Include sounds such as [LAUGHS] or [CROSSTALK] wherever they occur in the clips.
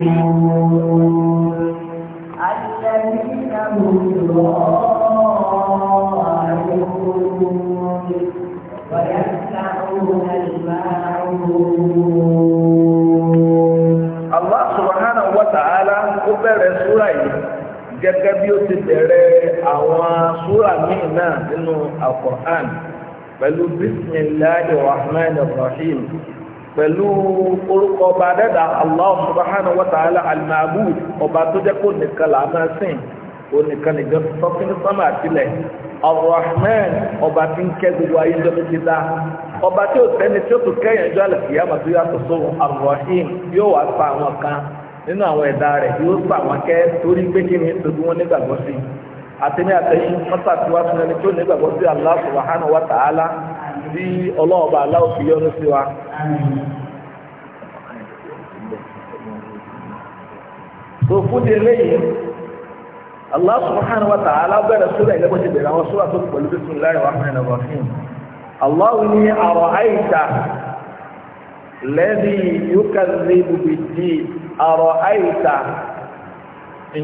الذين هم يراءون ويمنعون الماعون الله سبحانه وتعالى ó bẹ̀rẹ̀ súra yìí gẹ́gẹ́ bí ó ti bẹ̀rẹ̀ àwọn súra míì náà nínú Al-Qur'an pẹ̀lú bismillahir rahmanir rahim pẹ̀lú orúkọ ọba dẹ́dà Allah subhanahu wa ta'ala al-ma'bud ọba tó jẹ́ kó nìkan là á máa sìn kó nìkan nìkan sọ́kínní sọ́mà àtìlẹ̀ Ar-Rahman ọba tí ń kẹ́ gbogbo ayé jọ́ méjì dá ọba tí ó sẹ́ni tí ó tún kẹ́yìn ẹjọ́ àlùkìyàmọ̀ tó yàtọ̀ sóhun Ar-Rahim yóò wá pa àwọn kan nínú àwọn ẹ̀dá rẹ̀ yóò pa àwọn kẹ́ torí pé kí ni tó wọn nígbàgbọ́ sí àtẹ̀yìn àtẹ̀yìn mọ́tàkùwá fún ẹni tó nígbàgbọ́ sí Allah subhanahu wa ta'ala tí ọlọ́ọ̀bà aláwọ̀ fi yọ́nú sí wa. tó fún di eléyìí Allah subhanahu wa ta'ala bẹ̀rẹ̀ sórí ẹ̀gbẹ́ ti bẹ̀rẹ̀ àwọn sórí àtúntò pẹ̀lú bí sùn láì wà fún ẹ̀nà rọ̀fín. Allah ní àrọ̀ àìsà lẹ́ni yókà ní ibùdó ìdí àrọ̀ àìsà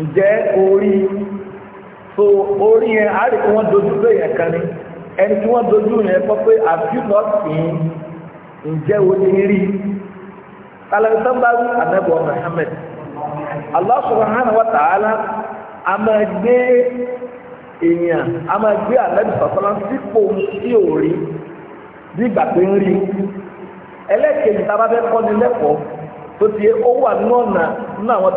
ǹjẹ́ orí so orí yẹn àríkú wọn dojú lóye kan ni. ẹni tí wọ́n dojú yẹn kọ́ pé àfihàn ǹjẹ́ o ti rí talẹ̀sán bá rí anábọ̀ Muhammad Allah subhanahu a máa gbé èèyàn a máa gbé anábì sọ̀tọ́lá sípò sí òòrí bí ìgbà ń rí ẹlẹ́kẹ̀ẹ́ni tá a bá fẹ́ kọ́ ni lẹ́kọ̀ọ́ tó ti ó wà ọ̀nà nínú àwọn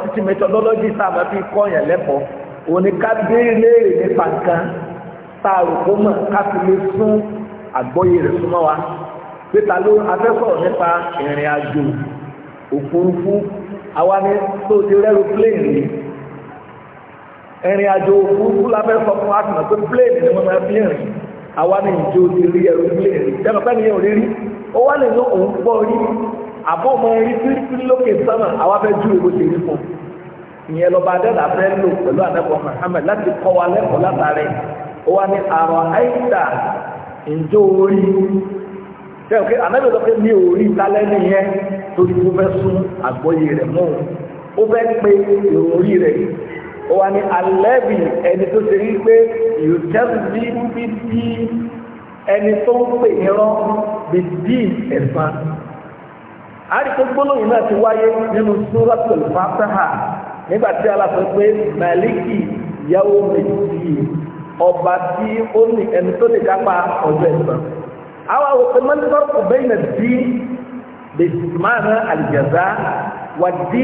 tá a rò kó mọ̀ ká fi lè fún àgbọ́yé rẹ̀ súnmọ́ wa péta ló afẹ́sọ̀rọ̀ nípa ìrìn àjò òfurufú àwa ni tó ti rẹ́rù pléènì ìrìn àjò òfurufú la fẹ́ sọ fún wa tìmọ̀ pé pléènì ni wọ́n máa fi rìn àwa ni ìjó ti rí ẹrù pléènì tẹ́lọ̀ pẹ́ nìyẹn ò rí rí ó wá lè ní òun gbọ́ rí àbọ̀ ọmọ rí pírípírí lókè sánà àwa fẹ́ ju èwo ṣe rí fún ìyẹn lọ́ba adẹ́dà fẹ́ lò pẹ̀lú àdẹ́kọ̀ọ́ Muhammad láti kọ́ wa lẹ́kọ̀ọ́ látàrí wà ní àrọ̀ àìsà ìjọ orí tẹ́wọ̀n pé àmẹ́bẹ̀ sọ pé mi ò rí tálẹ́ nìyẹn torí mo fẹ́ sún àgbọ́yé rẹ̀ mọ́ ó fẹ́ pé ìròrí rẹ̀ ó wà ní alẹ́bì ẹni tó ṣe rí pé ìrùtẹ́bí bí bí ẹni tó ń pè ní rán bí bí ẹ̀fọn ọba tí ó ní ẹni tó lè dápa ọjọ́ ẹ̀sán àwọn òkè mẹ́tọ́rọ̀ kò bẹ́yìn náà dí lè máa ná àlìjẹ̀dá wà dí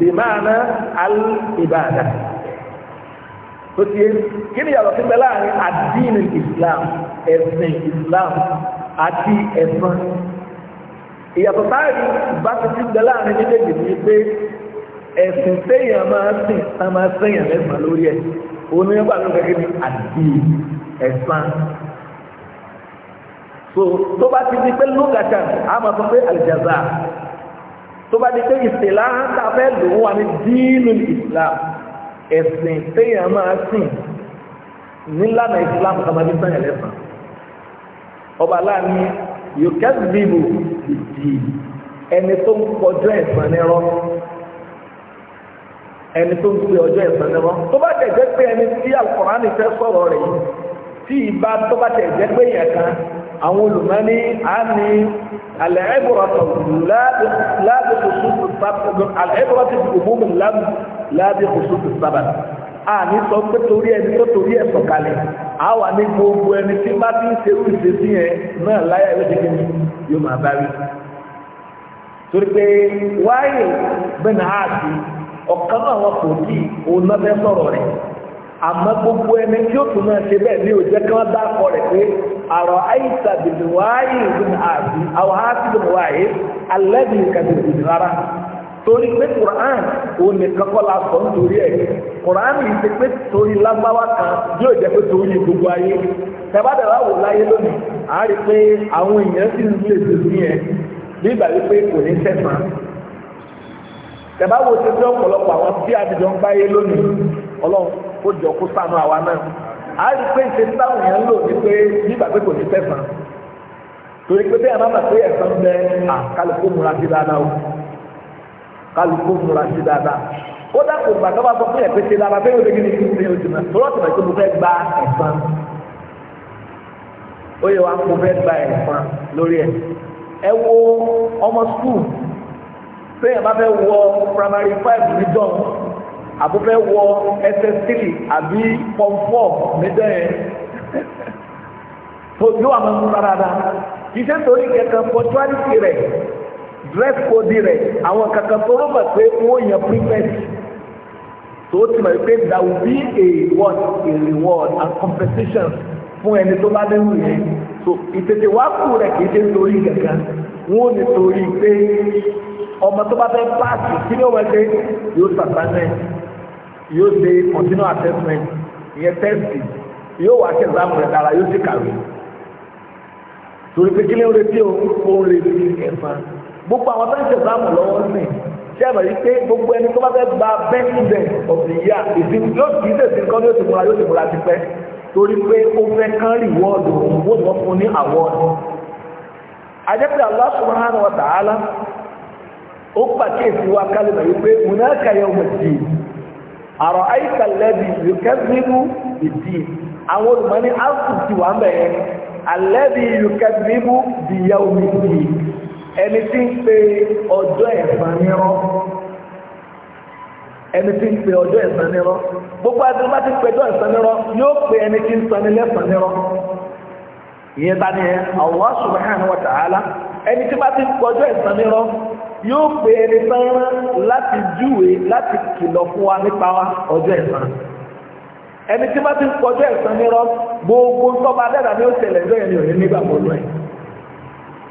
lè máa ná àlìbàdà tó ti yé kí ni yàtọ̀ síbẹ̀ láàrin àdínì Islam ẹ̀sìn Islam àti ẹ̀sán ìyàtọ̀ táàrí ìbáṣepọ̀ síbẹ̀ láàrin méjèèjì ni pé ẹ̀sìn séèyàn máa sìn tá máa séèyàn lẹ́sàn lórí ẹ̀ òun ní bàbá gẹ́gẹ́ bí àdì ẹ̀sán so tó bá ti di pé lókàtà a máa sọ pé àlìjàzà tó bá di pé ìsìlá tá a fẹ́ lò ó ní dínú islam ẹ̀sìn téèyàn máa sìn nílànà islam kàmájú sáyẹn lẹ́sàn ọba láàánú yóò kẹ́sì bíbù ìdì ẹni tó ń kọjọ́ ẹ̀sán nírọ́ ẹni tó ń gbé ọjọ́ ẹ̀san lẹ́wọ́ tó bá tẹ̀ jẹ́ pé ẹni tí alukọ̀ránì fẹ́ sọ̀rọ̀ rẹ̀ yìí tí ìbá tó bá tẹ̀ jẹ́ pé yẹn kan àwọn olùmọ́ni á ní alẹ́ẹ̀bùrọ̀tò láàbì kòsùkù sábà alẹ́ẹ̀bùrọ̀tò ìgbòmùmù láàbì kòsùkù sábà a ní sọ pé torí ẹni tó torí ẹ̀ sọ̀kalẹ̀ a wà ní gbogbo ẹni tí bá ti ń serú ìṣesí yẹn náà láyà yóò ṣe yóò máa bá rí torí pé wáyé bẹ́ẹ̀ náà á sí ọ̀kan náà wọn kò tí òun náà fẹ́ sọ̀rọ̀ rẹ̀ àmọ́ gbogbo ẹni tí ó tún náà ṣe bẹ́ẹ̀ ní òjẹ́ kí wọ́n dákọ̀ rẹ̀ pé àrọ̀ àìsà bìbì wáyé ìdún àbí àwọn àti bìbì wáyé alẹ́bí kàbìbì Quran òun nìkan kọ́ la sọ nítorí ẹ̀ Quran yìí ti pé torí lágbáwá kan yóò jẹ́ pé torí gbogbo ayé tẹ́bádẹ́rẹ́ wò láyé lónìí àá rí tẹ̀bá wo ti fi ọ̀pọ̀lọpọ̀ àwọn tí àdìjọ ń báyé lónìí ọlọ́run ó jọ kó sànú àwa náà a rí pé ìṣe táwọn èèyàn lò ní pé nígbà pé kò ní tẹ̀sán torí pé bẹ́ẹ̀ máa pé ẹ̀sán bẹ àkálùkù múra sí dáadáa o múra sí dáadáa ó dàpọ̀ tó bá sọ fún ẹ̀pẹ́ ṣe bẹ́ẹ̀ ní sẹ́yìn bá fẹ́ wọ primary five níjọ́ àbó fẹ́ wọ ss3 àbí form four níjọ́ yẹn tó [LAUGHS] yóò àmọ́ ń rárá dáa iṣẹ́ torí kẹ̀kẹ́ punctuality rẹ̀ dress code rẹ̀ àwọn kankan tó rọ́bà pé wọ́n yàn prefect tó ti mọ̀ pé that will be a reward a reward and compensation fún ẹni tó bá dẹ́rù yẹn so ìtètè wá kú rẹ̀ kì í ṣe torí kẹ̀kẹ́ wọ́n ò ní torí pé ọmọ tó bá fẹ́ paasi kí ni ó wẹ́ ṣe yóò ṣe assignment yóò ṣe continual assessment ìyẹn tẹ́sì yóò wá ṣe exam rẹ̀ dára yóò ṣe kàwé torí pé kí ni ó retí o ó ń retí ẹ̀fọn gbogbo àwọn tó ń ṣe exam lọ́wọ́ sí ṣé ẹ̀mọ̀ yìí pé gbogbo ẹni tó bá fẹ́ gba best student of the ìsìn yóò kì í ṣèṣin kan yóò ti múra yóò ti múra ti pẹ́ Allah subhanahu ó pàkíyèsí wa kálùmọ̀ yìí pé múnáka yẹ ọmọ dì í àrọ̀ àyíká lẹ́bi yùkẹ́bíbù ìdì àwọn olùmọ̀ ní áàpùn ti wà ń bẹ̀ yẹn alẹ́bi yùkẹ́bíbù di yẹ omi dì í ẹni tí ń pe ọjọ́ ẹ̀fọn nírọ́ ẹni tí ń pe ọjọ́ ẹ̀fọn nírọ́ gbogbo adúlọ́ bá ti pe ọjọ́ ẹ̀fọn yóò pe ẹni tí ń sọni lẹ́fọn ìyẹn bá ní ẹ Allah ẹni tí bá ti pe ọjọ́ yóò pè é ní sáyẹ́rán láti júwe láti kìlọ̀ fún wa nípa wa ọjọ́ ẹ̀san ẹni tí bá ti ń kọjọ́ ẹ̀san nírọ́ gbogbo ńtọ́ba dáadáa ni ó ṣẹlẹ̀ ẹjọ́ yẹn ni òní nígbà mọ́ lọ ẹ̀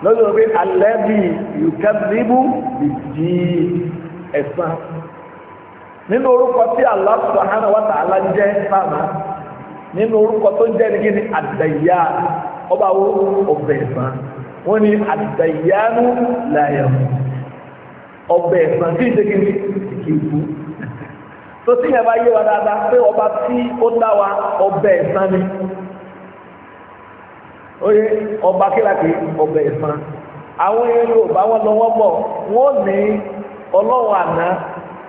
lọ́jọ́ pé alẹ́ bí yùkẹ́bíbù ìdí ẹ̀san nínú orúkọ tí Allah subhanahu wa ta'ala ń jẹ́ sáàmà nínú orúkọ tó ń jẹ́ ní kíni àdàyà ọba wo ọbẹ̀ ẹ̀san wọ́n ní àdàyà nù láyà ọbẹ̀ ẹ̀sán tí ìṣègùn ní kì tó tí yẹn yé wa ọba tí ó dá wa ọbẹ̀ ẹ̀sán ni oye ọba kíláàkì ọbẹ̀ ẹ̀sán àwọn Yorùbá wọn lọ wọn bọ̀ wọn ò ní ọlọ́wọ́ àná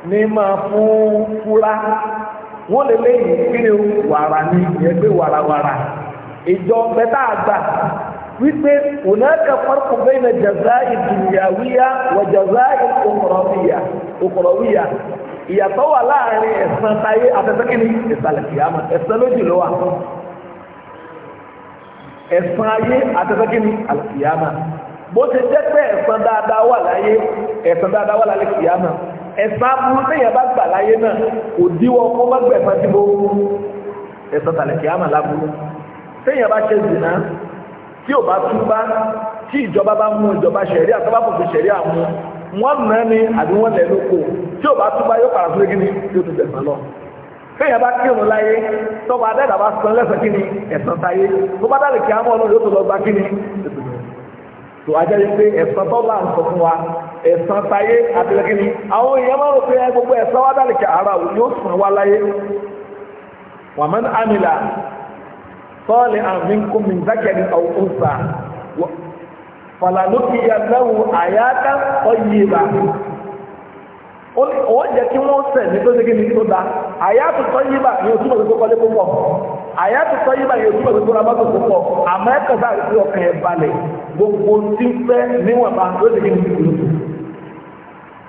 ní máa fún fúra wọn lè léyìn kí ni wàrà ni ìyẹn pé wípé ònàkà farqun bayna jaza'i dùnyàwíyà wà jaza'i òkùrọ̀wíyà òkùrọ̀wíyà ìyàtọ̀ wà láàrin ẹ̀san táyé afẹ́fẹ́kìnní ìsàlẹ̀ kìyàmà ẹ̀san lójú ló wà ẹ̀san ayé afẹ́fẹ́kìnní àlùkìyàmà bó ti jẹ́ pé ẹ̀san dáadáa wà láyé ẹ̀san dáadáa wà lálẹ́ kìyàmà ẹ̀san burú téèyàn bá gbà láyé náà kò díwọ́ kó má gbẹ̀fẹ́ síbó ẹ̀san tàlẹ̀ kìyàmà láburú téèyàn bá ṣe zìnnà tí ò bá túbá tí ìjọba bá mú ìjọba ṣẹ̀rí àtàbàpọ̀fẹ́ ṣẹ̀rí àmú wọ́n nà ní àbí wọ́n lẹ̀ lóko tí ò bá túbá yóò pàrọ̀ fún kíni yóò tún tẹ̀sán lọ. fẹ́yìn bá kírun láyé tọ́ba adẹ́dà bá san lẹ́sàn kíni ẹ̀san táyé tó bá dàlẹ̀ kí á mọ́ ọ̀nà yóò tún lọ gbá kíni tó ajá yìí pé ẹ̀san tọ́ba ń sọ fún wa ẹ̀san táyé àtẹlẹ́ kíni àwọn èèyàn máa ń rò pé gbogbo ẹ̀san wá dàlẹ̀ kí ara yóò sàn wá láyé wàmẹ́ni àmìlà sọ́ọ̀lì àmín kún mi zákẹ́ni ọ̀húnṣà fàlàlókì yàtọ̀wò àyáká ọ̀yẹ̀bà ó jẹ́ kí wọ́n sẹ̀ ní tó ṣégé ní tó da àyátò tọ́yíbà ní ojú mọ̀ tó kọ́lé púpọ̀ àyátò tọ́yíbà ní ojú mọ̀ tó kọ́lé mọ́tò púpọ̀ àmọ́ ẹ̀kọ́ bá rí ọkàn ẹ̀ balẹ̀ gbogbo tí ń fẹ́ níwọ̀nba ló ṣégé ní ìlú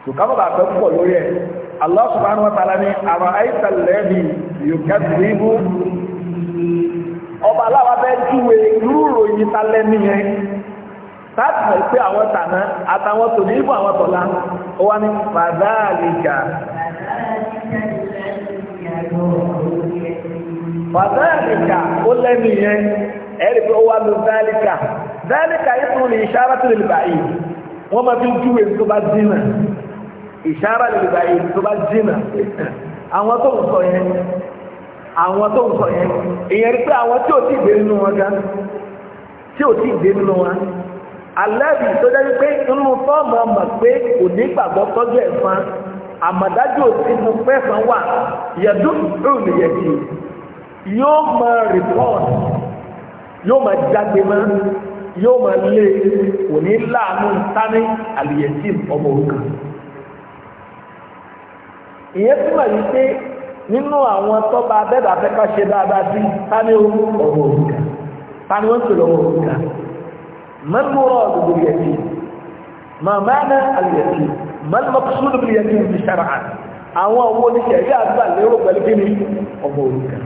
ṣùkámọ́ bá fẹ́ púpọ̀ lórí ẹ̀ Allah subhanahu wa ta'ala ní àrà àìsàn lẹ́bi yóò kẹ́ ọba aláwa fẹ́ júwe irú ìròyìn talẹ́ nìyẹn táàtì mọ̀ pé àwọn tàná àtàwọn tòní ìbò àwọn tọ̀la ó wá ní fàdáàlìkà fàdáàlìkà ó lẹ́nu yẹn ẹ̀rí pé ó wá lu dáàlìkà dáàlìkà yìí tún lè ṣáárá tó lè báyìí wọ́n máa fi júwe tó bá dínà ìṣáárá lè báyìí tó bá dínà àwọn tó ń sọ yẹn àwọn tó ń sọ yẹn ìyẹn rí pé àwọn tí ò tí ì dé nínú wọn gan tí ò tí ì dé nínú wọn alẹ́bí tó dájú pé nínú fọ́ọ̀mù ọmọ pé kò ní gbàgbọ́ tọ́jú ẹ̀fọn àmọ̀dájú òsì fún pẹ́sàn wà yẹ̀dú òun yẹ̀dí yóò mọ rìpọ́ọ̀tì yóò mọ jágbe mọ́ yóò mọ lé kò ní láàánú tání àlìyẹ̀tì ọmọ òkà ìyẹn túmọ̀ yìí pé nínú àwọn tọ́ba abẹ́bà fẹ́ká ṣe dáadáa sí tani ọmọ òrùka tani wọ́n pèlú ọmọ òrùka mẹ́múrọ̀ ọ̀dọ̀dọ̀ yẹtì màmáná àlùyẹtì mẹ́lùmọ́kùsùlù bí yẹtì ti ṣàrà á àwọn ọmọ oníṣẹ̀rí àgbà lérò pẹ̀lú kí ni ọmọ òrùka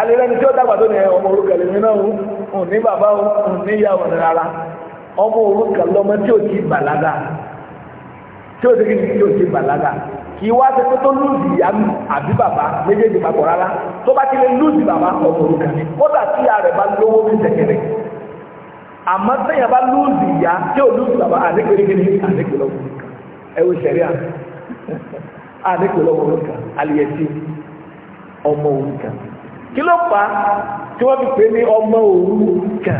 alẹ́rẹ́ ni tí ó dàgbà tó ní ọmọ òrùka lèmi náà ò ní bàbá ò ní ìyá ò rárá ọmọ òrùka lọmọ tí ò ti bàlágà tí ò ti kí ni tí ò ti bàlágà kì í wá ṣe pé tó lùzì ìyá mi àbí bàbá méjèèjì papọ̀ rárá tó bá ti lè lùzì bàbá ọ̀pọ̀ òrùka ni kódà tí ìyá rẹ̀ bá lówó ní ìtẹ̀kẹ̀rẹ̀ àmọ́ sẹ́yìn bá lùzì ìyá tí ò lùzì bàbá àdékèrékèré àdékèlọ́wọ́ ẹ wò sẹ́rí à [LAUGHS] àdékèlọ́wọ́ òrùka àlìyẹ̀tì ọmọ òrùka kí ló fà á tí wọ́n fi pè ní ọmọ òrùka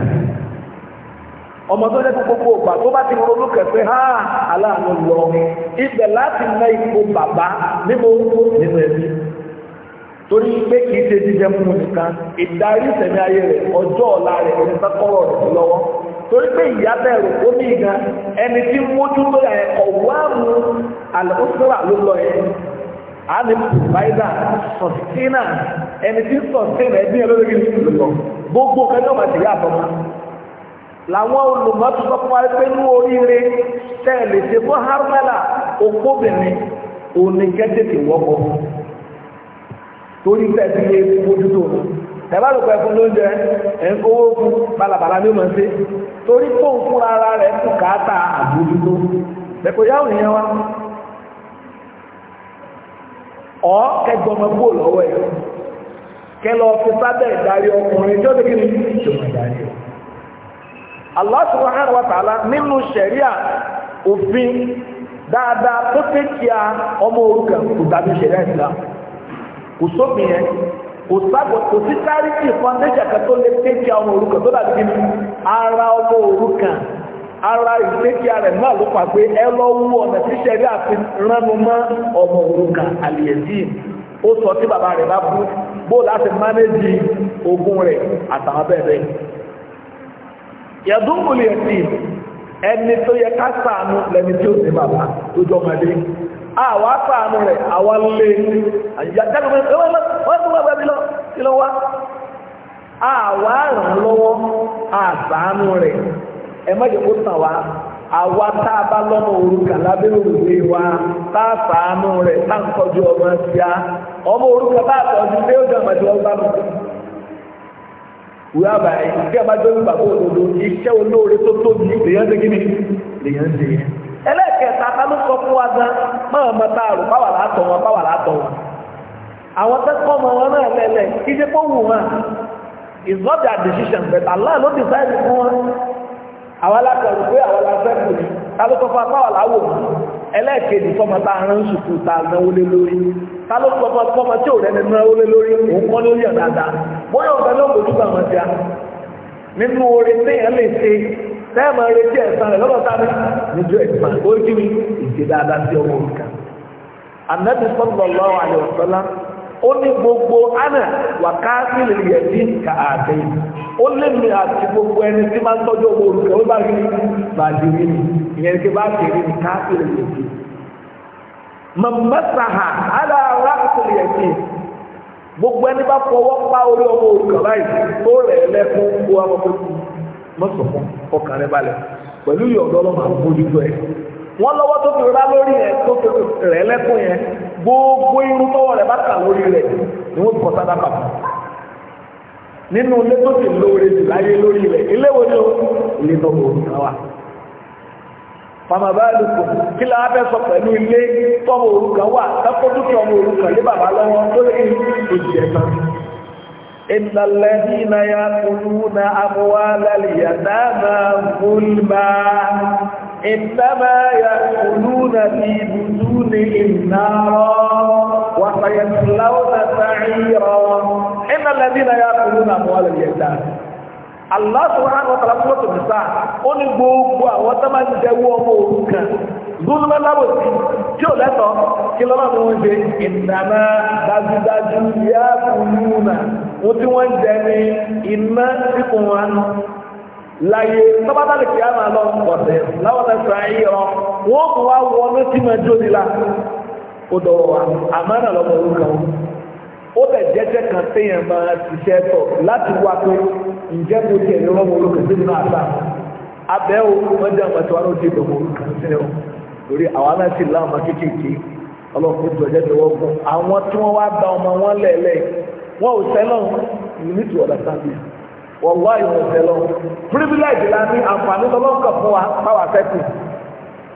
ọmọ tó jẹ́ kókó ògbà tó bá ti ronú kẹ̀kẹ́ hàn aláàánú lọ ibẹ̀ láti mọ ipò wá níbo nínú ẹbí torí pé kìí ṣe jíjẹ mú nìkan ìdarí ìsẹ̀mí ayé rẹ̀ ọjọ́ ọ̀la rẹ̀ oníṣẹ́ kọ́rọ̀ rẹ̀ lọ́wọ́ torí pé ìyá bẹ̀rù omi ẹni tí mójú tó yà ọ̀wọ́ àmú àlùkùsọ́rà ló lọ yẹ ní pòfáìdà sọ̀tínà ẹni tí sọ̀tínà ẹbí ẹ lórí ìlú lọ gbogbo kẹjọ màtí àbọ̀mọ́ làwọn olùmọ̀tò sọ fún wa pé ní oríire tẹ̀lé ṣe fún harmala oníkẹ́tẹ̀tẹ̀ wọ́pọ̀ torí pẹ́ sí ilé mójútó ẹ̀bá ló pẹ́ fún lóúnjẹ ẹ̀ ń kówó fún balabala ní mọ̀ sí torí tó ń fún ara rẹ̀ kù káàtà àbójútó ẹ̀kọ́ yáwò nìyẹn wá ọ́ kẹgbọmọ gbò lọ́wọ́ ẹ̀ kẹlọ fi sábẹ́ ìdarí ọkùnrin tó dégé ní ìjọba ìdarí ọ Allah subhanahu wa ta'ala nínú ṣẹ̀ríà òfin dáadáa tó tẹ́kíá ọmọ orúkọ kò dàbí ìṣẹ̀lẹ̀ ìsìlá kò sómi yẹn kò sábọ̀ kò sí sáríkì foundation kan tó lè ara ọmọ orúkọ ara ìtẹ́kíá rẹ̀ náà ló pàgbé ẹ lọ wú ọ̀nà tí ìṣẹ̀lẹ̀ àti ránu mọ́ ọmọ orúkọ àlìyẹ̀dì ó sọ tí bàbá rẹ̀ bá kú bó láti mánéjì ogún rẹ̀ àtàwọn ẹni tó yẹ ká lẹni tí ó sì bàbá tó jọ ọmọdé àwa ṣàánú rẹ̀ àwa lé wọn lọ kí ló wá àwa ràn lọ́wọ́ àṣàánú rẹ̀ ẹ má jẹ́ kó wá àwa tá a bá lọ́mọ òrùka lábẹ́ òrùlé wa tá a ṣàánú rẹ̀ tá a ń tọ́jú ọmọ sí a ọmọ òrùka bá a tọ́jú pé ó ìwé àbàyè bí a bá jọ nígbà kó òdodo iṣẹ́ olóore tó tóbi lèyàn ṣe kíni lèyàn ṣe yẹn. ẹlẹ́ẹ̀kẹta ta ló sọ fún wa gan máa ma ta àrò báwa là á tọ̀ wọn báwa là á tọ̀ wọn. àwọn tẹ́kọ̀ ọmọ wọn náà lẹ̀lẹ̀ kí ṣe kó wù wọn is not their decision but Allah ló decide fún wọn. àwa la kọ̀ pé àwa la fẹ́ kù ní ta ló sọ fún wa báwa là á wò wọn. ẹlẹ́ẹ̀kejì fọmọ tá a rán sùkú ta náwó lé lórí ta fún bóyá ọ̀gá náà kò dúpọ̀ àwọn ti a nínú orin téèyàn lè ṣe sẹ́ẹ̀mà retí ẹ̀sán rẹ̀ lọ́dọ̀ sáré níjọ́ ẹ̀sán ojú mi ìṣe dáadáa sí ọwọ́ nǹkan anabi sallallahu alaihi wasallam ó ní gbogbo ana wàkásí lè yẹ sí ka àdéhùn ó lé mi àti gbogbo ẹni tí máa ń tọ́jú owó olùkọ́ ó bá rí bá di rí mi ìyẹn kí bá kéré ní káfí lè yẹ sí mọ̀mọ́sàhà alára kò lè yẹ sí gbogbo ẹni bá fọwọ́ pa orí ọmọ òrùka báyìí tó rẹ̀ lẹ́kún kó wá wọ́pẹ́ kú mọ́sọ̀kọ́ ọkàn rẹ̀ balẹ̀ pẹ̀lú ìyọ̀dọ́ lọ́mọ àbójútó ẹ̀ wọ́n lọ́wọ́ tó fi rá lórí ẹ̀ tó fi rẹ̀ lẹ́kún yẹn gbogbo irun tọ́wọ́ rẹ̀ bá kà lórí rẹ̀ ni wọ́n kọ́ sádà pàpà nínú ilé tó ti lóore jù láyé lórí rẹ̀ ilé wo ni o ilé tó kò ní mama bá lùkùn kí la fẹ́ sọ pẹ̀lú ilé tọ́mọ òrukàn wà tápọ́dúkì ọmọ òrukàn lé bàbá lọ́wọ́ tó lè ní ìjẹta ìlàlẹ́dí na ya kúrú na amúwá lálìyà dáàmà gúlmà ìtàmà ya kúrú na ti dùdú ní ìnáwọ́ wàtàyẹ̀tìláwọ́ na sàárọ̀ ìlàlẹ́dí na ya kúrú na amúwá lálìyà dáàmà Allah subhanahu wa ta'ala sọ́tò nìsá ó ní gbogbo àwọn tó máa ń jẹ́wọ́ ọmọ òrukàn gúnlọ́ lábòsí tí kí lọ́nà ni wọ́n ṣe ìdáná dájúdájú yá kùnúnà wọ́n tí wọ́n ń jẹ ní iná síkùn wa láyé ọ ó bẹ̀ jẹ́jẹ́ kan téèyàn máa ṣiṣẹ́ tọ̀ láti wá pé ǹjẹ́ mo tiẹ̀ ní wọ́n mọ olókè sínú àṣà abẹ́ o wọ́n jẹ́ àwọn ẹ̀tọ́ aróòtí ìdòwò olókè o lórí àwọn aláṣẹ láwọn kéékèèké ọlọ́run tó jẹ́ jẹ́ wọ́n gún àwọn tí wọ́n wá gba ọmọ wọn lẹ́ẹ̀lẹ́ wọn ò sẹ́lọ̀ you need to understand this wọ́n wá ìwọ̀n sẹ́lọ̀ privilege la ní àǹfààní lọ́lọ́kàn fún wa báwa fẹ́ kù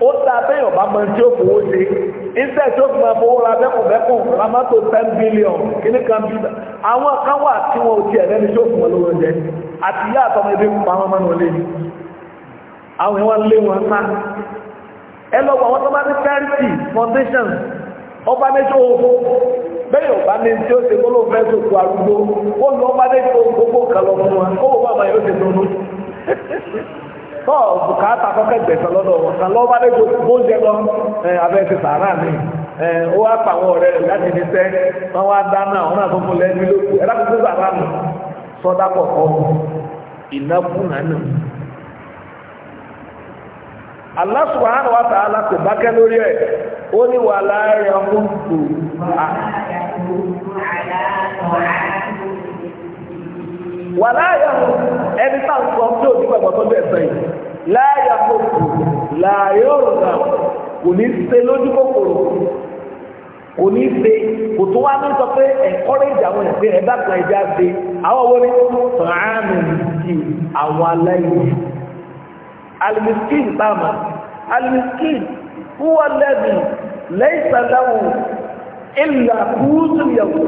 ó ta abẹ́yọ̀ bá mọ tí ó fowó ṣe iṣẹ́ tó fi máa fowó ra bẹ́kùnbẹ́kùn ra mọ́tò ten billion kíní kan bí bẹ́ẹ̀ àwọn kan wà tí wọn ò tiẹ̀ lẹ́ni tó fún wọn lówó jẹ àti ìyá àtọmọ pa wọn lé ní àwọn ìwọ̀n lé wọn sá ẹ lọ́wọ́ àwọn tó bá ní foundation ọba méjì owó bẹ́ẹ̀ ọba ní tí ó ṣe kó ló fẹ́ sòkò arúgbó ó owó gbogbo tọ́ bùkátà kọ́kẹ́ dị lọ́dọ̀ wọn na lọ́wọ́ bá dé gbóúnjẹ lọ abẹ́ ti sàárà mi ó ọrịa pa àwọn ọ̀rẹ́ rẹ̀ láti ní sẹ́ wọ́n wá dáná àwọn náà tó mú lẹ́nu lóko ẹ̀rọ tó Allah ya ẹni sọ tí tó sẹ́yìn. láàyà kòkò láàyè òrùnà kò ní ṣe lójú kòkòrò kò ní ṣe kò tó wá ní sọ pé encourage àwọn ẹ̀fẹ́ ẹ̀dá kan ẹ̀dá ṣe àwọn owó ní tààmì ti àwọn aláìní alimiskin bàmà alimiskin huwa alladhi laysa lahu illa yẹ̀wò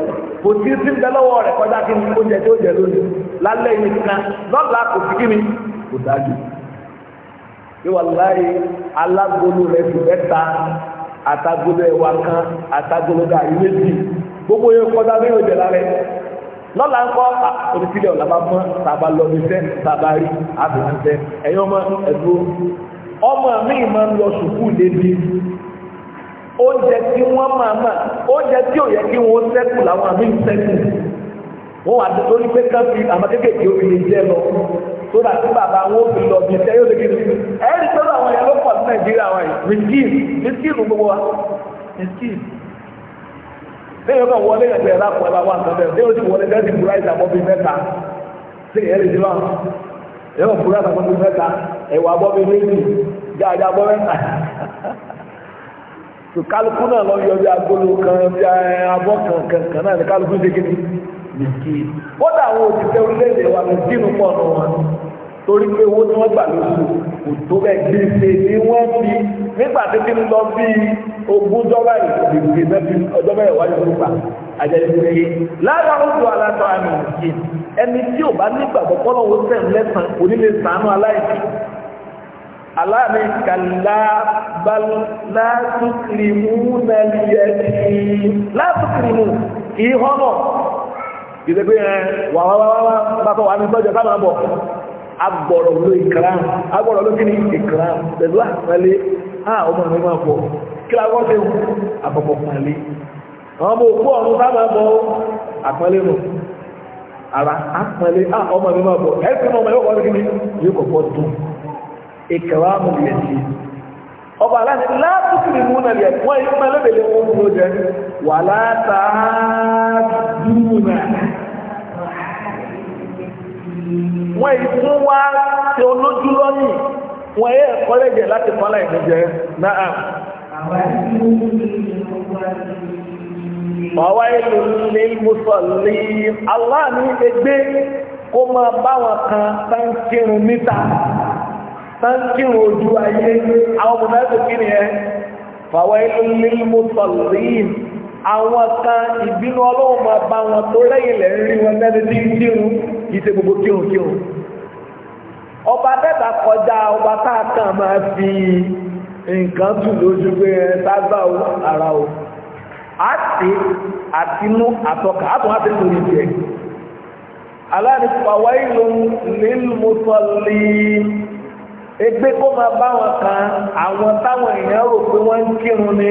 kò tí sí ìdálọ́wọ́ rẹ̀ kọjá kí ni ó jẹ tí ó jẹ lónìí lálẹ́ yìí kan lọ́la kò sí kí ni kò dájú. yíwà láyé alágolo rẹ̀ fi mẹ́ta atagolo ẹ̀wà kan atagolo ga méjì gbogbo yẹn kọ́dá bí yóò jẹ lárẹ́ lọ́la ń kọ́ onísílẹ̀ ọ̀la ma mọ́ tàbá rí àbẹ̀sẹ̀ ọmọ máa ń lọ lébi oúnjẹ tí máa oúnjẹ tí ò yẹ kí làwọn àmì ń wà lórí pé tó dà sí bàbá wọn ó fi lọ bí iṣẹ́ yóò lè kiri ẹ̀rí tó lọ àwọn yẹn ló pọ̀ ní nàìjíríà wọn yìí rìskìl rìskìl gbogbo wa rìskìl lẹ́yìn náà wọlé ẹgbẹ́ ẹ̀rá pọ̀ ẹ̀rá wà nǹkan bẹ́ẹ̀ lẹ́yìn tí wọlé lẹ́yìn búra ìdàgbọ́ bíi mẹ́ta sí ẹ̀rí ti wá lẹ́yìn búra ìdàgbọ́ bíi mẹ́ta ẹ̀wà bọ́ bíi méjì jáde abọ́ mẹ́ta tó [LAUGHS] kálukú náà lọ yọ bí agolo kan bí eh, abọ́ kan kankan náà ní kálukú ṣe kékeré nìkí kódà àwọn òṣìṣẹ́ orílẹ̀-èdè wa ní sínú pọ̀ nù torí pé owó tí wọ́n gbà lóṣù kò tó bẹ́ẹ̀ gbèsè ni wọ́n fi nígbà tí kí n lọ bí ogún dọ́là ìgbèsè mẹ́fì ọjọ́ mẹ́rin wáyé tó gbà àjẹsílẹ̀ yìí lára oṣù alátọ́ àmì ìsìn ẹni tí ò bá nígbàgbọ́ kọ́lọ́ wo sẹ́ǹ lẹ́sàn onílé sànú aláìsí aláàmì kàlá látúkìrìmù nàìjíríà látúkìrìmù kì í họ́nà ìdẹ́gbẹ́ yẹn wàwáwáwá bàbá wà ní sọ́jà sábà bọ̀ agbọ̀rọ̀ ló ìkram agbọ̀rọ̀ ló kíni ìkram pẹ̀lú àpẹẹlẹ á ọmọ mi máa bọ̀ kí la wọ́n ṣe wù àbọ̀bọ̀ pàlẹ́ àwọn ọmọ òkú ọ̀run sábà bọ̀ àpẹẹlẹ nù ara àpẹẹlẹ á ọmọ mi máa bọ̀ ẹ̀sìn ọmọ yóò kọ́ sí kíni yóò kọ́kọ́ dùn ìkram lè ṣe ọba aláàbí látùkìrì mú nàlẹ́ wọ́n yìí máa wọ́n yìí tún wá ṣe olójú lọ́yìn wọ́n yẹ kọ́lẹ́jẹ̀ láti fọ́lá ìdíjẹ náà. Ọ̀wá ìlú ní Mùsùlùmí, Allah ní egbé kó máa kan tán kírun níta, tán kírun ojú ayé, àwọn kí ni ẹ? Fàwọn ìlú ní Mùsùlùmí. àwọn kan ìbínú ọlọ́run máa bá wọn tó lẹ́yìn lẹ́ rí wọn lẹ́ni tí ń kírun kìí ṣe gbogbo kírun kírun ọba bẹ́ẹ̀ bá kọjá ọba tá a kàn máa fi nǹkan tù lójú pé ẹ ságbà ara o àti àtinú àtọkà àtún àti torí jẹ aláàdìpàwọ́ ìlú nílùmọ́sọ̀lì ẹgbẹ́ kó máa bá wọn kan àwọn táwọn èèyàn rò pé wọ́n ń kírun ni.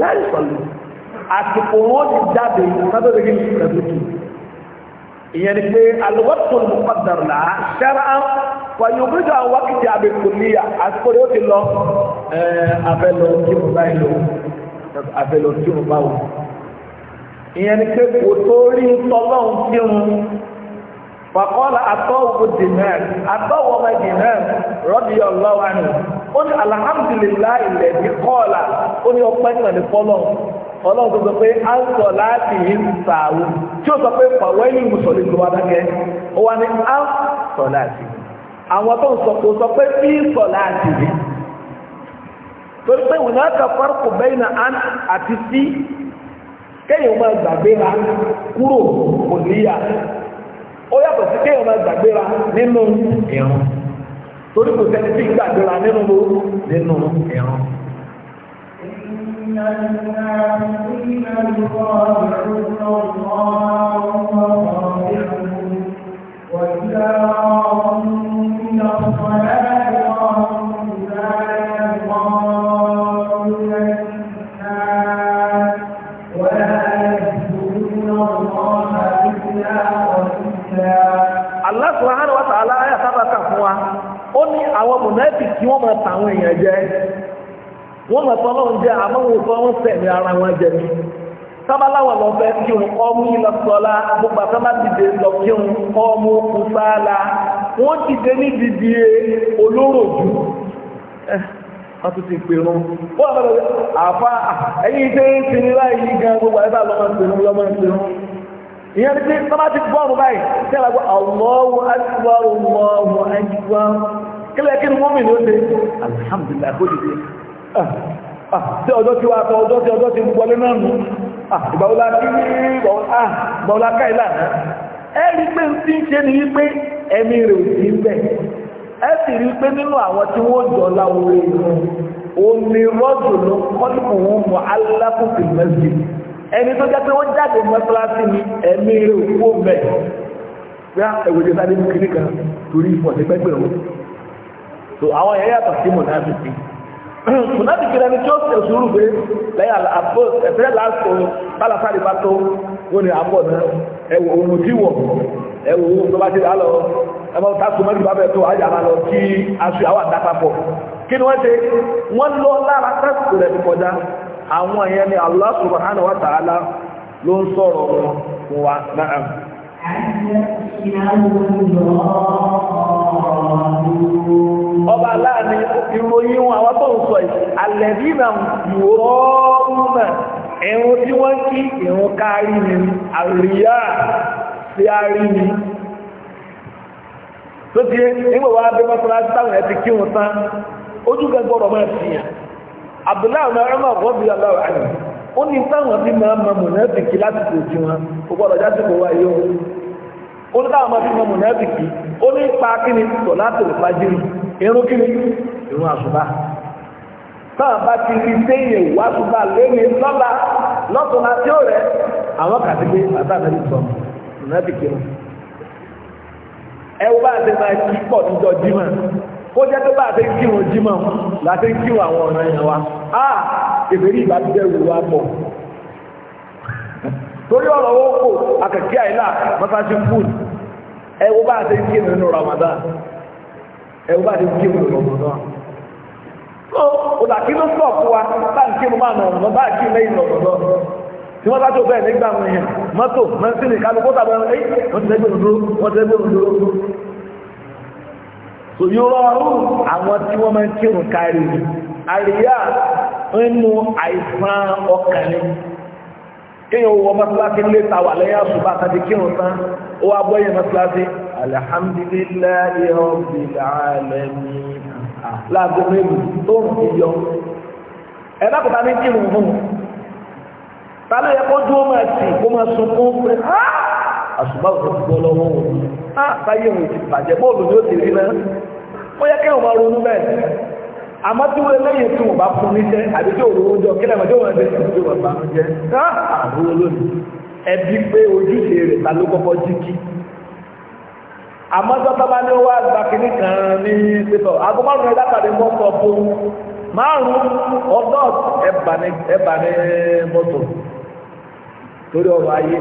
láì sọ̀lù àsìkò wọn ti jáde sábẹ́ rẹ̀ ní ìrẹ̀lẹ́tù ìyẹn ni pé alùpàtò ló kọ́ dàrú là á ṣẹ́ra án wàyí òbíjọ àwọn wákìtì àbẹ̀kù ní àsìkò rẹ̀ ó ti lọ ni pé kò tó rí tọ́lọ́hún tí mo fàkọ́lá àtọ́wò dìnnà àtọ́wò ọmọ dìnnà rọ́bì ọlọ́wà nù ó ní alhamdulillahi alladhi qala ó ní ọpẹ́ náà ní fọ́lọ́ ọlọ́run tó sọ pé a ń sọ láti yìí ń sàáwó tí ó sọ pé pàwẹ́lì mùsọ̀lì tó wá dákẹ́ ó wá ní a ń sọ láti àwọn tó ń sọ kò sọ pé bí sọ láti yìí torí pé wọn náà kà farqu bayna an àti sí kéèyàn máa gbàgbéra kúrò kò níyà ó yàtọ̀ sí kéèyàn máa gbàgbéra nínú ìrún torí kò sẹ́ni tí gbàdúrà nínú wo nínú ẹ̀rọ. وإذا رأوا من الصلاة àwọn mùnàfì kí wọ́n máa ta àwọn èèyàn jẹ wọ́n máa tọ́ lọ́run jẹ àmọ́ wọn kọ́ wọn sẹ̀mí ara wọn jẹ ni sábàláwọ̀ lọ fẹ́ kí wọn ọmú ìlọsọ̀la gbogbo àtàbà dìde lọ kí wọn ọmú kùsàlà wọ́n dìde ní dìde olóró jù wọ́n tún ti pè wọn. wọ́n bá bẹ̀rẹ̀ àfa ẹ̀yìn tẹ́ ń sinmi báyìí gan gbogbo àyíká lọ́ máa ń pè wọn lọ́ máa ń pè wọn. ìyẹn ni pé sábà ti bọ́ọ̀rù báyìí tẹ́lẹ̀ àgbọ̀ àwọ̀ ọ̀wọ̀ àti wà ọ̀wọ̀ kílẹ̀ kí ni mọ́mì ló ṣe alhamdulillah kó dìde tí ah, ah, ọjọ́ tí wà tọ́ ọjọ́ tí ọjọ́ tí wọlé náà nù ah, ìgbàwọlá kí ìgbàwọlá káìlà náà ẹ rí pé ń tí ń ṣe ni wípé ẹ̀mí rẹ̀ ò sí ń bẹ̀ ẹ sì rí pé nínú àwọn tí wọ́n jọ láwùrẹ́ inú omi rọ́jò ló kọ́lùkù wọn mọ so awon yẹn yàtọ̀ sí mọ̀nàbìkì mọ̀nàbìkì rẹ ni tí ó ṣe sùúrù pé lẹ́yìn àpò ẹ̀fẹ́ láàtò bálàfàlì bá tó wọ́n ní àpò náà ọ tó bá ti lálọ ẹ̀mọ́ táàkù mẹ́rin bá bẹ̀ tó àjà lọ kí aṣọ àwọn àdápapọ̀ kí ni wọ́n ṣe wọ́n lọ lára kọjá àwọn yẹn ni Allah wa ta'ala ló ń wọn wa náà. ọba aláàrin ìròyìn wọn àwọn tó ń sọ àlẹ́bí náà yòórùn náà ẹ̀rùn tí wọ́n kí ìrùn kárí ni àríyá sí àrí ni tó ti nígbàwà abẹ́mọ́sọ́lá táwọn ẹ̀ ti kí wọn tán ojú gẹ́gbọ́rọ̀ máa fi hàn abdullahi ọmọ ọmọ ọgbọ́n bíi aláwọ̀ àyè ó ní táwọn bí máa mọ̀ mọ̀ náà ti kí lásìkò ó ní káwọn ọmọdé mọ̀mọ̀ náà bìkì ó ní ipa kíni sọ̀látò fàjírì irun kíni irun àṣùbà táwọn bá ti rí séyìn ìwà àṣùbà lẹ́nu lọ́la lọ́tọ̀lá tí ó rẹ̀ àwọn kàtígbé àtàlẹ́bí sọ náà bìkì rẹ̀ ẹ wo bá a ṣe máa kí pọ̀ níjọ jímọ̀ kó jẹ́ pé bá a ṣe ń kírun jímọ̀ láti ń kírun àwọn ọ̀ràn yẹn wa á ìbéèrè ìbátújẹ́ ìlú wa torí ọ̀rọ̀ owó kò àkàkí àìlà mọ́sájú fúdù ẹwọ bá ti kí mi nínú Ramadan ẹwọ bá ti kí mi nínú Ramadan so ọ̀dà ló sọ̀ fún wa bá ń kí mi máa nà bá kí Ramadan tí wọ́n bá tó bẹ́ẹ̀ nígbà wọn yẹn mọ́tò so rọrùn àwọn tí wọ́n máa ń kírun kárí àríyá nínú àìsàn ọkàn kéèyàn wọ mọ́sálásí lé tàwà lẹ́yìn àṣùbà àtàdé kírun tán ó wá bọ́yẹ̀ mọ́sálásí alihamdulilayi rabbil alamin láago mélòó tó ń fi yọ ẹ bá kúta ní kírun fún un ta ló yẹ kó dúró máa tì kó máa sunkún pé àṣùbà òkú ti bọ́ lọ́wọ́ òun á báyé òun ti bàjẹ́ bóòlù ni ó ti rí náà ó yẹ kéèyàn máa ronú bẹ́ẹ̀ àmọ́ tí wọ́n lẹ́yìn tí wọ́n bá fún mi sẹ́ àbí tí òwò oúnjẹ kílẹ̀ mọ́jọ́ wọn bẹ́ẹ̀ tí wọ́n bá jẹ́ àbúrò lónìí ẹbí pé ojúṣe rẹ̀ ta ló kọ́kọ́ jí kí. àmọ́ sọ́tọ́ bá ní wá gba kínní kan ní pípọ̀ aago márùn-ún ẹ̀dá pàdé mọ́ sọ fún márùn-ún ọ̀dọ́ ẹ̀bà ní mọ́tò torí ọrọ̀ ayé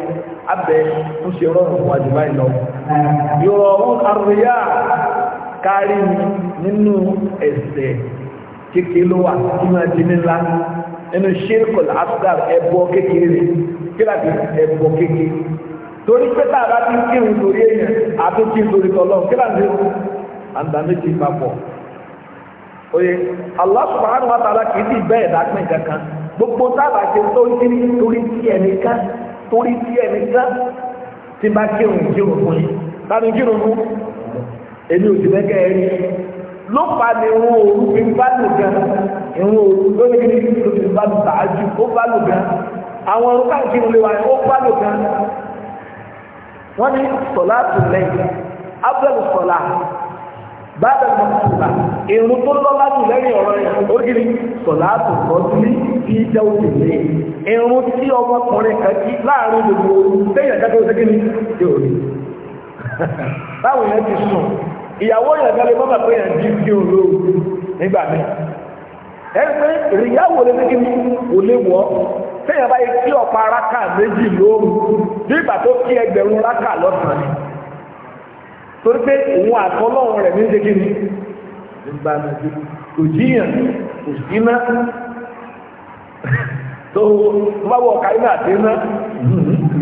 abẹ ń ṣe rọrùn wájú báyìí lọ yọrọ ọhún àrùyá kárí nínú ẹsẹ̀ kékeré ló wà kí máa di ní ńlá ẹnu ṣírkùl asgar ẹbọ kékeré rẹ kíláàsì ẹbọ kékeré torí pé tá a bá ti kírun torí èèyàn àti kí n torí tọlọ kíláàsì àǹdà méjì papọ̀ oye Allah subhanahu wa ta'ala kì í ti bẹ́ẹ̀ dápẹ́ kankan gbogbo tábà ṣe torí torí tí ẹnìkan torí tí ẹnìkan ti bá kírun kírun fún yín tani kírun fún èmi ò sì fẹ́ kẹ́ ẹ rí ló fa ni ìrún òru fi bá lò gan ìrún òru ló ní kí ló fi bá lò tààjú ó bá lò gan àwọn ọ̀run káàkiri lè wà ó bá lò gan wọ́n ní sọ̀lá tó lẹ́yìn abdul sọ̀lá bàbá mọ̀tòlá ìrún tó lọ́lá jù lẹ́yìn ọ̀rọ̀ rẹ̀ orígiri sọ̀lá tó kọ́ sí bí ìjẹ́ òṣèlè ìrún tí ọmọkùnrin kan kí láàrin gbogbo tẹ́yìn àkàtà òṣèlè ní ìjẹ́ òní báwo yẹn ti sùn ìyàwó yẹn kẹlẹ mọ́mà pé yẹn jí kí òun lóru nígbà mi ẹni pé rìyá wò lé ní kíni wò lé wọ́ sẹ́yìn báyìí kí ọ̀pá rákà méjì lóru bí ìgbà tó kí ẹgbẹ̀rún rákà lọ́sàn-án ni torí pé òun àtọ́lọ́run rẹ̀ ní ṣe kíni nígbà mi kò jíyàn kò sí náà tó bá wọ ọkà iná àti iná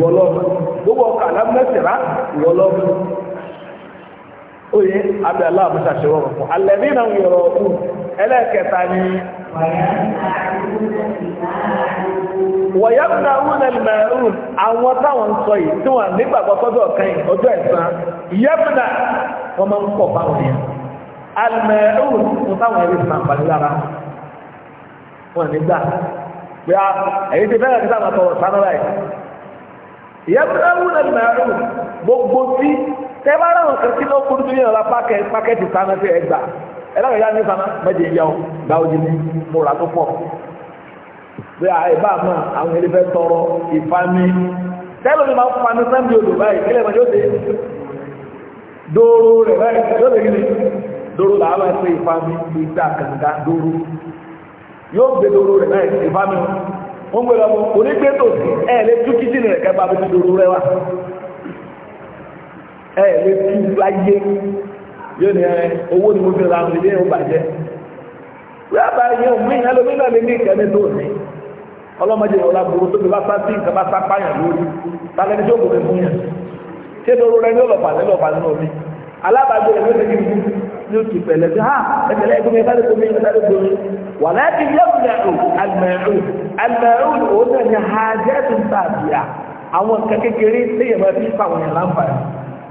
wọlọ́ọ̀bù gbogbo ọkà lámẹ́sìrá wọlọ́ọ̀bù oye abẹ aláàbò ṣàṣewọ fún alẹbí náà ń yọrọ ọkù ẹlẹ́ẹ̀kẹta ni. wọ̀yá fún àwọn ẹlẹ́mẹ̀rún àwọn táwọn ń sọ yìí tí wọ́n nígbàgbọ́ tọ́jọ́ kan yìí ọjọ́ ẹ̀sán yẹ́fúnà wọ́n máa ń pọ̀ báwọn yẹn alẹ́mẹ̀rún fún táwọn ẹ̀rí fún àǹfààní lára wọ́n nígbà pé ẹ̀yìn ti fẹ́rẹ̀ nígbà máa tọrọ sánú láì yẹ́fúnà wọ́n ẹlẹ́mẹ̀rún gbogbo tí tẹ́bá ráhùn kan tí lọ́kùn tó yẹn lọ pákẹ́tì sáná sí ẹgbà ẹlẹ́rìí yá ní sáná méje yá o gba ojú ní mo rà tó pọ̀ bí a ẹ̀ bá a mọ̀ àwọn ilé fẹ́ tọrọ ìfami tẹ́lẹ̀ mi máa ń fani sáńdì odò báyìí kílẹ̀ mọ̀ yóò ṣe dóró rẹ̀ báyìí yóò ṣe kíni dóró làá máa ṣe ìfami ìgbà kàǹgà dóró yóò gbé dóró rẹ̀ báyìí ìfami wọn gbé lọ́mọ onígbé tòsí ẹ̀ lé ẹ lè tú láyé yóò ní ẹ owó ni mo fi ra àwọn ilé yẹn ó bàjẹ́ rábà yẹn ò mí ìyẹn lómi náà lè ní ìkẹ́ni tó ní ọlọ́mọdé ìwọlá burú tóbi bá sá sí nǹkan bá sá páyàn lórí tálẹ́ ní jókòó fún yẹn ṣé lóru rẹ ní ọlọ́pàá ní ọlọ́pàá nínú omi alábàájọ rẹ ló ti kí n ní oṣù pẹ̀lẹ́ bí ha ẹ̀tẹ̀lẹ́ ẹ̀gbọ́n mi ẹ̀ta lè gbomi ẹ̀ta lè gbomi wà láti yẹ́mùnẹ̀rù àlùmẹ̀rù àlùmẹ̀rù òun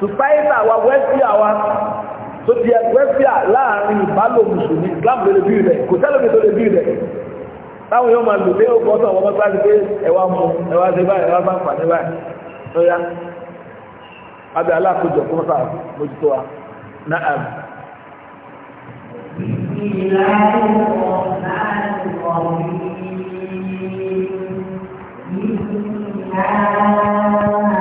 sùpáìsà wa wẹ́fíà wa so ti ẹ wẹ́fíà láàrin ìbálò mùsùlùmí Islam ló lè bí rẹ̀ kò sẹ́lómi to lè bí rẹ̀ táwọn yóò máa lò pé ó gbọ́dọ̀ wọ́n bá ti pé ẹwà mu ẹwà ṣe báyìí ẹwà bá ń pàdé báyìí lóyá abẹ́ alákòjọ kó mọ́ta mójútó wa náà.